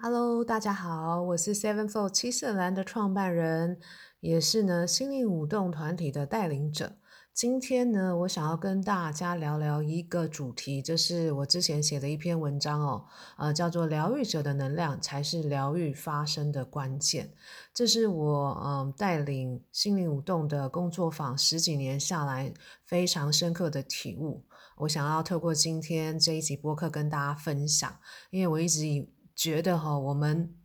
哈嘍大家好，我是 7flow 七色嵐的創辦人，也是呢心靈舞動團體的帶領者。今天呢，我想要跟大家聊聊一個主題，這、就是我之前寫的一篇文章哦，呃，叫做“療癒者的能量才是療癒發生的關鍵”。這是我嗯、呃、帶領心靈舞動的工作坊十幾年下來非常深刻的體悟，我想要透過今天這一集播客跟大家分享，因為我一直以覺得哈，我們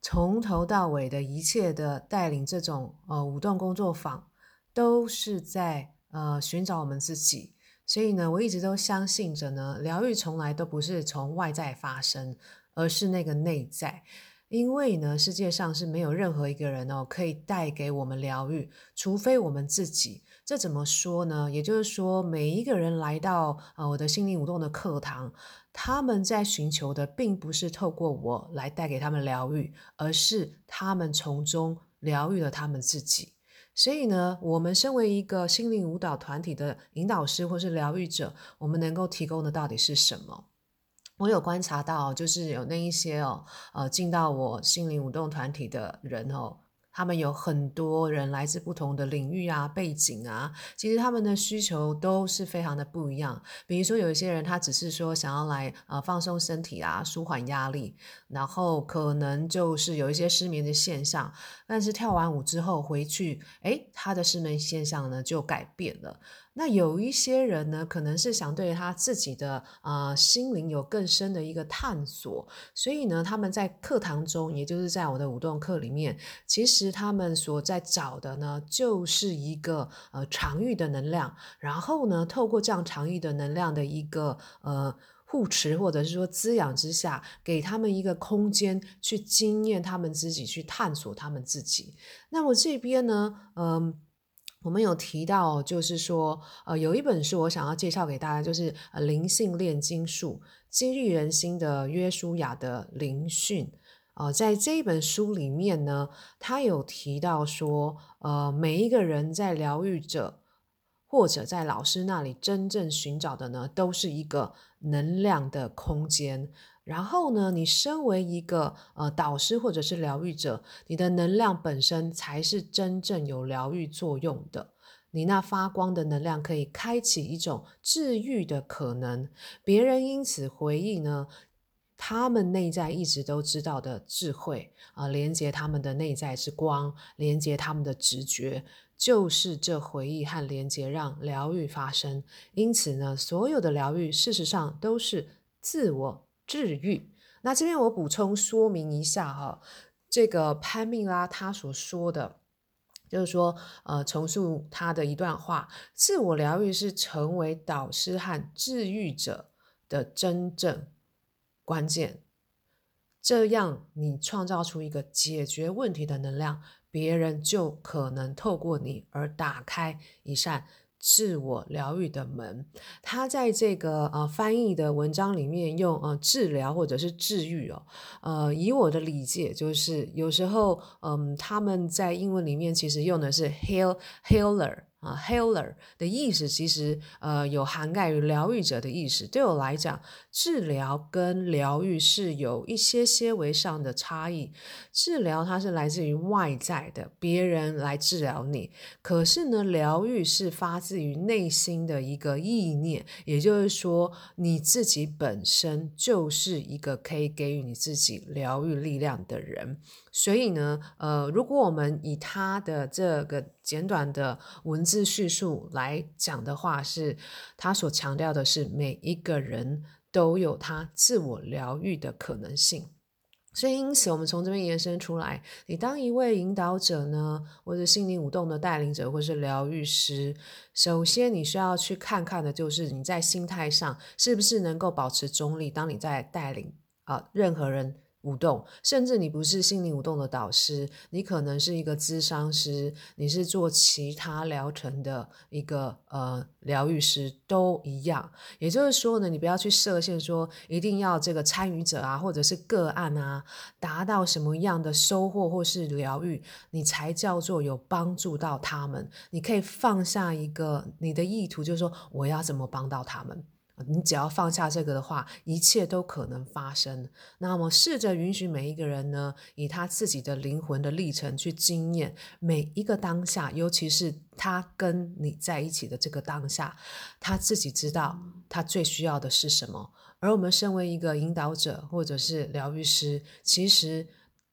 從頭到尾的一切的帶領這種呃舞動工作坊，都是在呃尋找我們自己。所以呢，我一直都相信着呢，療癒從來都不是從外在發生，而是那個內在。因為呢，世界上是沒有任何一個人哦可以帶給我們療癒，除非我們自己。這怎麼說呢？也就是說，每一個人來到呃我的心靈舞動的課堂，他們在尋求的並不是透過我來帶給他們療癒，而是他們從中療癒了他們自己。所以呢，我們身為一個心靈舞蹈團體的引導師或是療癒者，我們能夠提供的到底是什麼？我有觀察到，就是有那一些哦，呃，進到我心靈舞動團體的人哦。他們有很多人來自不同的領域啊、背景啊，其實他們的需求都是非常的不一樣。比如說，有一些人他只是說想要來，呃，放鬆身體啊、舒緩壓力，然後可能就是有一些失眠的現象，但是跳完舞之後回去，誒、欸、他的失眠現象呢就改變了。那有一些人呢，可能是想對他自己的呃心靈有更深的一個探索，所以呢，他們在課堂中，也就是在我的舞動課裡面，其實他們所在找的呢，就是一個呃場域的能量，然後呢，透過這樣場域的能量的一個呃護持或者是說滋養之下，給他們一個空間去經驗他們自己，去探索他們自己。那我這邊呢，嗯、呃。我們有提到，就是說，呃，有一本書我想要介紹給大家，就是《靈性煉金術：激勵人心的約書亞的靈訊》，呃，在這一本書裡面呢，他有提到說，呃，每一個人在療癒者或者在老師那裡真正尋找的呢，都是一個能量的空間。然後呢，你身為一個呃導師或者是療癒者，你的能量本身才是真正有療癒作用的。你那發光的能量可以開啟一種治癒的可能，別人因此回憶呢，他們內在一直都知道的智慧啊、呃，連接他們的內在之光，連接他們的直覺，就是這回憶和連接讓療癒發生。因此呢，所有的療癒事實上都是自我。治癒。那這邊我補充說明一下哈、啊，這個潘蜜拉她所說的，就是說呃，重述她的一段話，自我療癒是成為導師和治癒者的真正關鍵。這樣，你創造出一個解決問題的能量，別人就可能透過你而打開一扇。自我療癒的門，他在這個呃翻譯的文章裡面用呃治療或者是治癒哦，呃以我的理解，就是有時候嗯他們在英文裡面其實用的是 heal healer 呃，healer 的意思其實呃有涵蓋於療癒者的意思。對我來講，治療跟療癒是有一些些微上的差異。治療它是來自於外在的，別人來治療你，可是呢，療癒是發自於內心的一個意念，也就是說你自己本身就是一個可以給予你自己療癒力量的人。所以呢，呃，如果我們以他的這個，簡短的文字敘述來講的話是，是他所強調的是每一個人都有他自我療癒的可能性。所以，因此我們從這邊延伸出來，你當一位引導者呢，或者心靈舞動的帶領者，或者是療癒師，首先你需要去看看的就是你在心態上是不是能夠保持中立。當你在帶領啊、呃、任何人。舞動，甚至你不是心靈舞動的導師，你可能是一個諮商師，你是做其他療程的一個呃療癒師都一樣。也就是說呢，你不要去設限，說一定要這個參與者啊或者是個案啊達到什麼樣的收穫或是療癒，你才叫做有幫助到他們。你可以放下一個你的意圖，就是說我要怎麼幫到他們。你只要放下這個的話，一切都可能發生。那麼，試着允許每一個人呢，以他自己的靈魂的歷程去經驗每一個當下，尤其是他跟你在一起的這個當下，他自己知道他最需要的是什麼。而我們身為一個引導者或者是療癒師，其實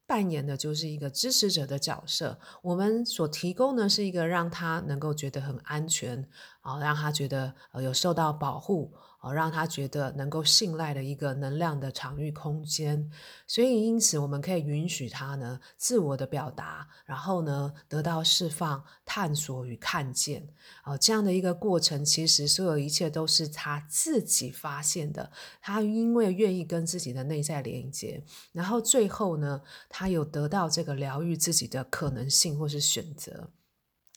扮演的就是一個支持者的角色。我們所提供的是一個讓他能夠覺得很安全啊，讓他覺得呃有受到保護。哦，讓他覺得能夠信賴的一個能量的場域空間，所以因此我們可以允許他呢自我的表達，然後呢得到釋放、探索與看見。哦，這樣的一個過程，其實所有一切都是他自己發現的。他因為願意跟自己的內在連接，然後最後呢，他有得到這個療癒自己的可能性或是選擇。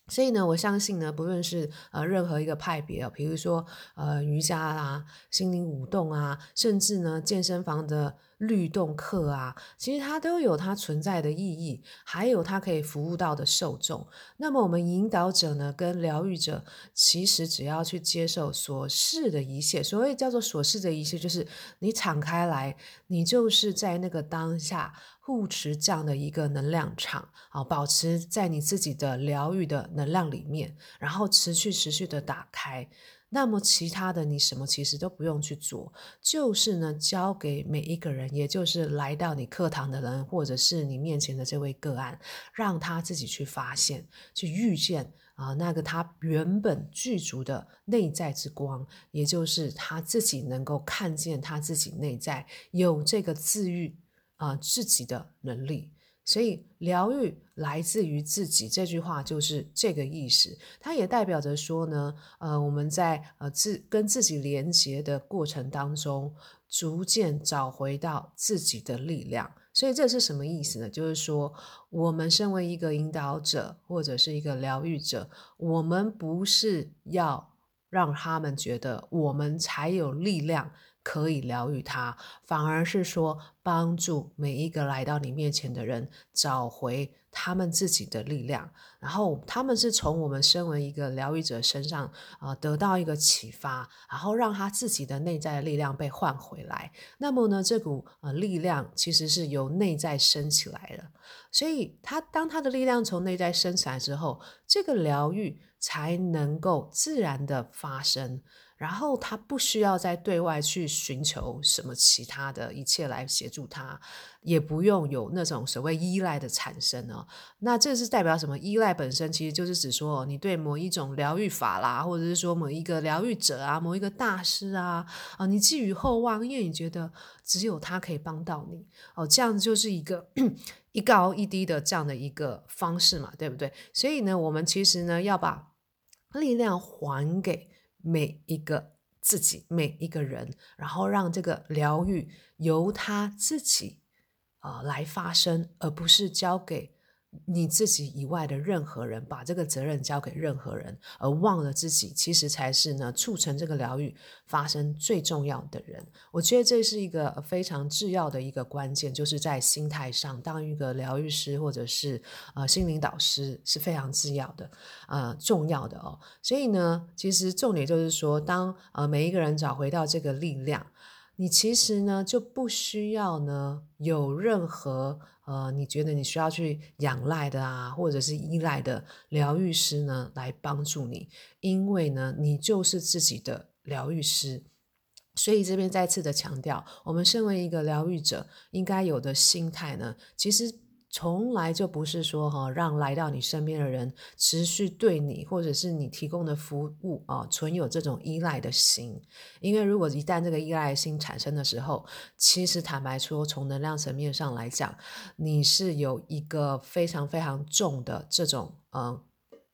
所以呢，我相信呢，不論是呃任何一個派別啊，比如說呃瑜伽啦、心靈舞動啊，甚至呢健身房的律動課啊，其實它都有它存在的意義，還有它可以服務到的受眾。那麼我們引導者呢，跟療癒者，其實只要去接受所是的一切，所謂叫做所是的一切，就是你敞開來，你就是在那個當下護持這樣的一個能量場啊，保持在你自己的療癒的能量裡面，然後持續持續的打開。那麼其他的你什麼其實都不用去做，就是呢，交給每一個人，也就是來到你課堂的人，或者是你面前的這位個案，讓他自己去發現、去遇見啊、呃、那個他原本具足的內在之光，也就是他自己能夠看見他自己內在有這個自癒啊、呃、自己的能力。所以，療癒來自於自己，這句話就是這個意思。它也代表着說呢，呃，我們在呃自跟自己連接的過程當中，逐漸找回到自己的力量。所以這是什麼意思呢？就是說，我們身為一個引導者或者是一個療癒者，我們不是要讓他們覺得我們才有力量可以療癒他，反而是說，幫助每一個來到你面前的人找回他們自己的力量，然後他們是從我們身為一個療癒者身上啊、呃、得到一個啟發，然後讓他自己的內在的力量被喚回來。那麼呢，這股呃力量其實是由內在升起來的，所以他當他的力量從內在升起來之後，這個療癒才能夠自然的發生，然後他不需要再對外去尋求什麼其他的一切來協助。助他，也不用有那種所謂依賴的產生哦。那這是代表什麼？依賴本身其實就是指說，你對某一種療癒法啦，或者是說某一個療癒者啊，某一個大師啊，啊、哦，你寄予厚望，因為你覺得只有他可以幫到你哦。這樣子就是一個一高一低的這樣的一個方式嘛，對不對？所以呢，我們其實呢要把力量還給每一個。自己每一個人，然後讓這個療癒由他自己啊、呃、來發生，而不是交給。你自己以外的任何人，把這個責任交給任何人，而忘了自己，其實才是呢促成這個療癒發生最重要的人。我覺得這是一個非常重要的一個關鍵，就是在心態上，當一個療癒師或者是呃心靈導師是非常重要的，呃，重要的哦。所以呢，其實重點就是說，當呃每一個人找回到這個力量，你其實呢就不需要呢有任何。呃，你覺得你需要去仰賴的啊，或者是依賴的療癒師呢，來幫助你。因為呢，你就是自己的療癒師。所以這邊再次的強調，我們身為一個療癒者，應該有的心態呢，其實。從來就不是說哈、哦，讓來到你身邊的人持續對你或者是你提供的服務啊、呃，存有這種依賴的心。因為如果一旦這個依賴的心產生的時候，其實坦白說，從能量層面上來講，你是有一個非常非常重的這種嗯、呃、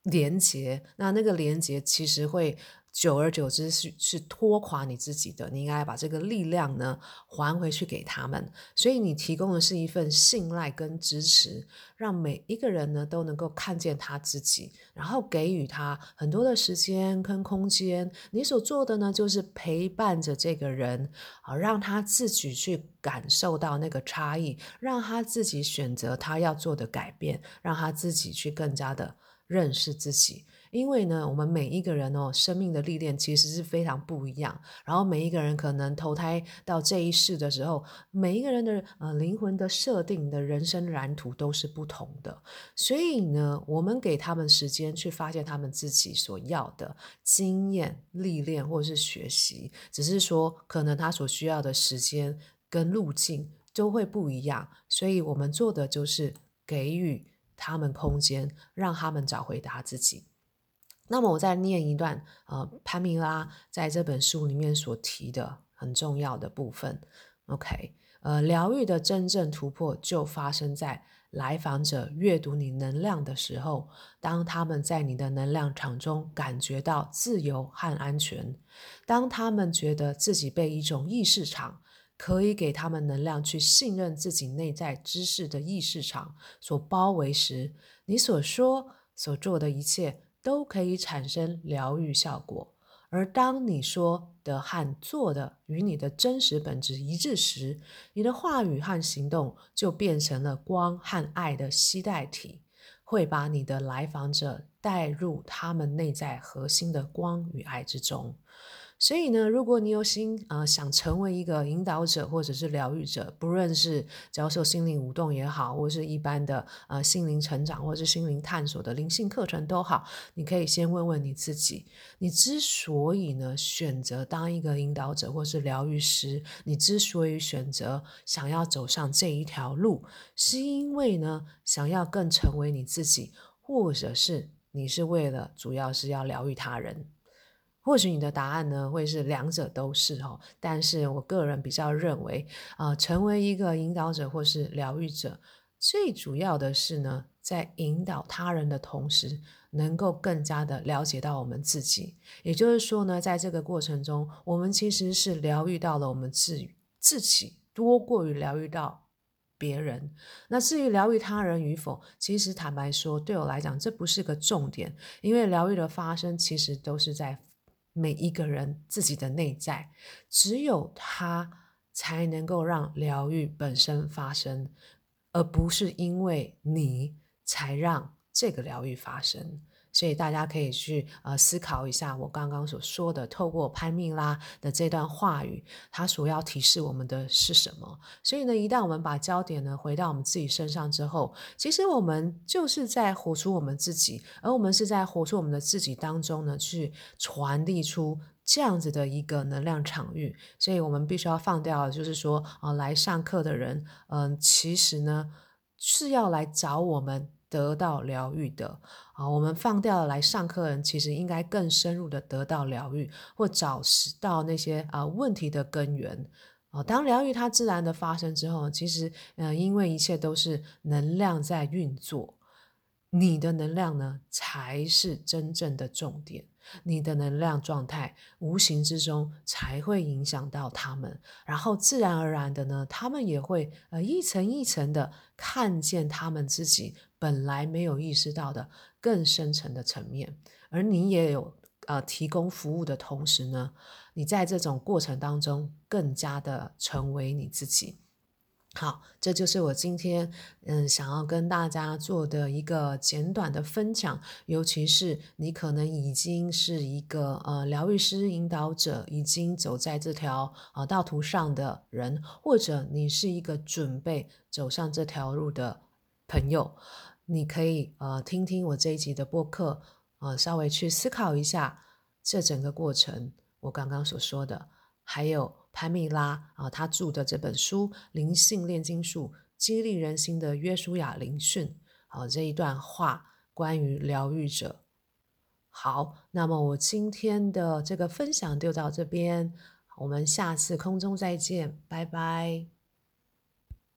連結，那那個連接其實會。久而久之，是是拖垮你自己的，你應該把這個力量呢還回去給他們。所以你提供的是一份信賴跟支持，讓每一個人呢都能夠看見他自己，然後給予他很多的時間跟空間。你所做的呢，就是陪伴着這個人啊，讓他自己去感受到那個差異，讓他自己選擇他要做的改變，讓他自己去更加的認識自己。因為呢，我們每一個人哦，生命的歷練其實是非常不一樣。然後每一個人可能投胎到這一世的時候，每一個人的呃靈魂的設定的人生藍圖都是不同的。所以呢，我們給他們時間去發現他們自己所要的經驗、歷練或是學習，只是說可能他所需要的時間跟路徑都會不一樣。所以我們做的就是給予他們空間，讓他們找回答自己。那麼我再念一段，呃，潘蜜拉在這本書裡面所提的很重要的部分。OK，呃，療癒的真正突破就發生在來訪者閱讀你能量的時候，當他們在你的能量場中感覺到自由和安全，當他們覺得自己被一種意識場可以給他們能量去信任自己內在知識的意識場所包圍時，你所說、所做的一切。都可以產生療癒效果。而當你說的和做的與你的真實本質一致時，你的話語和行動就變成了光和愛的攜帶體，會把你的來訪者帶入他們內在核心的光與愛之中。所以呢，如果你有心啊、呃，想成為一個引導者或者是療癒者，不論是教授心靈舞動也好，或是一般的呃心靈成長，或者是心靈探索的靈性課程都好，你可以先問問你自己：你之所以呢選擇當一個引導者或是療癒師，你之所以選擇想要走上這一條路，是因為呢想要更成為你自己，或者是你是為了主要是要療癒他人。或許你的答案呢會是兩者都是哦。但是我個人比較認為，啊、呃，成為一個引導者或是療癒者，最主要的是呢，在引導他人的同時，能夠更加的了解到我們自己。也就是說呢，在這個過程中，我們其實是療癒到了我們自己自己，多過於療癒到別人。那至於療癒他人與否，其實坦白說，對我來講，這不是個重點，因為療癒的發生其實都是在。每一個人自己的內在，只有他才能夠讓療癒本身發生，而不是因為你才讓這個療癒發生。所以大家可以去呃思考一下，我剛剛所說的，透過潘蜜拉的這段話語，它所要提示我們的是什麼？所以呢，一旦我們把焦點呢回到我們自己身上之後，其實我們就是在活出我們自己，而我們是在活出我們的自己當中呢，去傳遞出這樣子的一個能量場域。所以我們必須要放掉，就是說啊、呃，來上課的人，嗯、呃，其實呢是要來找我們。得到療癒的啊、哦，我們放掉了來上課的人，其實應該更深入的得到療癒，或找到那些啊、呃、問題的根源啊、哦。當療癒它自然的發生之後，其實嗯、呃，因為一切都是能量在運作，你的能量呢才是真正的重點。你的能量狀態無形之中才會影響到他們，然後自然而然的呢，他們也會呃一層一層的看見他們自己本來沒有意識到的更深層的層面，而你也有呃提供服務的同時呢，你在這種過程當中更加的成為你自己。好，這就是我今天嗯想要跟大家做的一個簡短的分享。尤其是你可能已經是一個呃療癒師引導者，已經走在這條呃道途上的人，或者你是一個準備走上這條路的朋友，你可以呃聽聽我這一集的播客，呃稍微去思考一下這整個過程我剛剛所說的。還有潘蜜拉啊，她著的這本書《靈性煉金術》，激勵人心的約書亞靈訊，啊，這一段話關於療癒者。好，那麼我今天的這個分享就到這邊，我們下次空中再見，拜拜。